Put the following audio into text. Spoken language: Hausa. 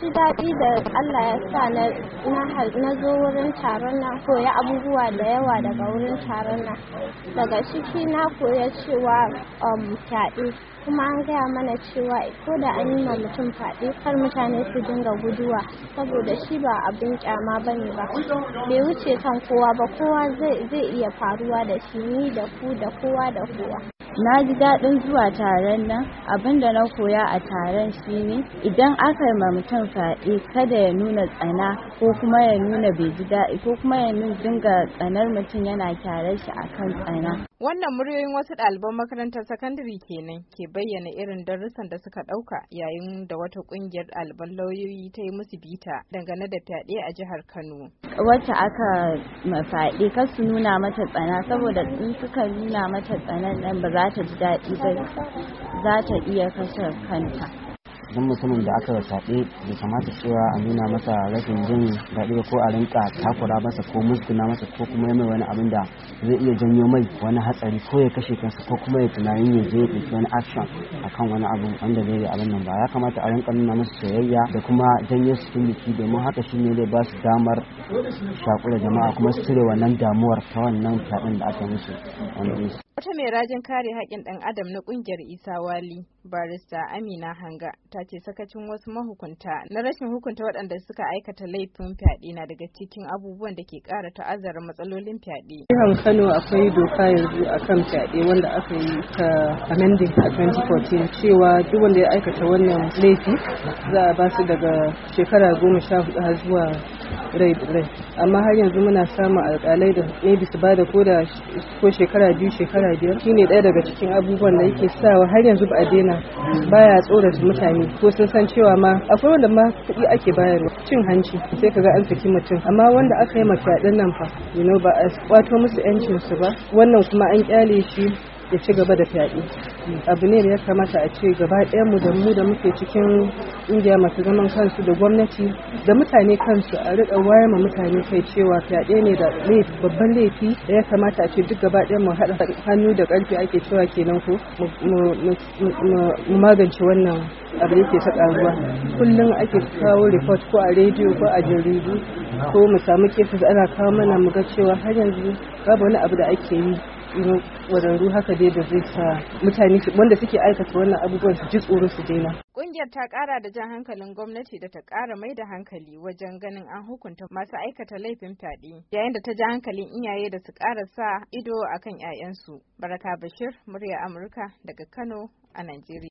ji daɗi da Allah ya sa na zo wurin taron na koya abubuwa da yawa daga wurin taron na daga ciki na koya cewa um, fyaɗe kuma an gaya mana cewa ko da an yi ma mutum fyaɗe kar mutane su dinga guduwa saboda shi ba abin kyama ba ne ba bai wuce kan kowa ba kowa zai iya faruwa da shi ni da ku da kowa da kowa Na ji daɗin zuwa taron nan, abin da na koya a taron shi ne idan aka yi ma mutum fyaɗe kada ya nuna tsana ko kuma ya nuna bai ji daɗi ko kuma ya nuna dinga tsanar mutum yana kyarar shi a kan tsana. Wannan muryoyin wasu ɗaliban makarantar sakandare kenan ke bayyana irin darussan da suka ɗauka yayin da wata ƙungiyar ɗaliban lauyoyi ta yi musu bita dangane da fyaɗe a jihar Kano. Wacce aka mafaɗe kar su nuna mata tsana saboda in suka nuna mata tsana nan ba za za ta ji daɗi ba za ta iya kashe kanta don mutumin da aka saɓe bai kamata cewa a nuna masa rashin jin daɗi ko a rinka takura masa ko musguna masa ko kuma mai wani abin da zai iya janyo mai wani hatsari ko ya kashe kansa ko kuma ya tunanin ya je ya wani action akan wani abu wanda zai yi abin nan ba ya kamata a rinka nuna musu soyayya da kuma janyo su cikin jiki domin haka shine zai ba su damar shakula jama'a kuma su cire wannan damuwar ta wannan fadin da aka musu wani wata mai rajin kare haƙƙin ɗan adam na ƙungiyar isa wali barista amina hanga ta ce sakacin wasu mahukunta na rashin hukunta waɗanda suka aikata laifin fyaɗe na daga cikin abubuwan da ke ƙara ta'azzara matsalolin fyaɗe. jihar kano akwai doka yanzu akan fyaɗe wanda aka yi ta amending a 2014 cewa duk wanda ya aikata wannan laifi za a ba su daga shekara goma sha hudu zuwa rai rai amma har yanzu muna samun alkalai da ne su ba da koda ko shekara biyu shekara biyar shine ɗaya daga cikin abubuwan da yake sawa har yanzu ba a daina baya tsorata mutane ko sun san cewa ma akwai wanda ma kuɗi ake bayarwa cin hanci sai ka ga an saki mutum amma wanda aka yi ma nan fa you know ba a kwato musu 'yancinsu ba wannan kuma an kyale shi ya ci gaba da fyaɗe abu ne da ya kamata a ce gaba ɗaya mu da mu da muke cikin ƙungiya masu zaman kansu da gwamnati da mutane kansu a riƙa wayar ma mutane kai cewa fyaɗe ne da babban laifi da ya kamata a ce duk gaba ɗaya mu haɗa hannu da ƙarfi ake cewa kenan ko mu magance wannan abu yake ta ƙaruwa kullum ake kawo report ko a rediyo ko a jaridu ko mu samu kefis ana kawo mana mu ga cewa har yanzu babu wani abu da ake yi ƙwararru haka dai zai sa mutane suke aikata wannan abubuwan su ji tsoro su daina. Ƙungiyar ta ƙara da jan hankalin gwamnati da ta ƙara mai da hankali wajen ganin an hukunta masu aikata laifin fyaɗe yayin da ta ji hankalin iyaye da su ƙara sa ido akan 'ya'yansu. Baraka Bashir, murya Amurka daga Kano a Najeriya.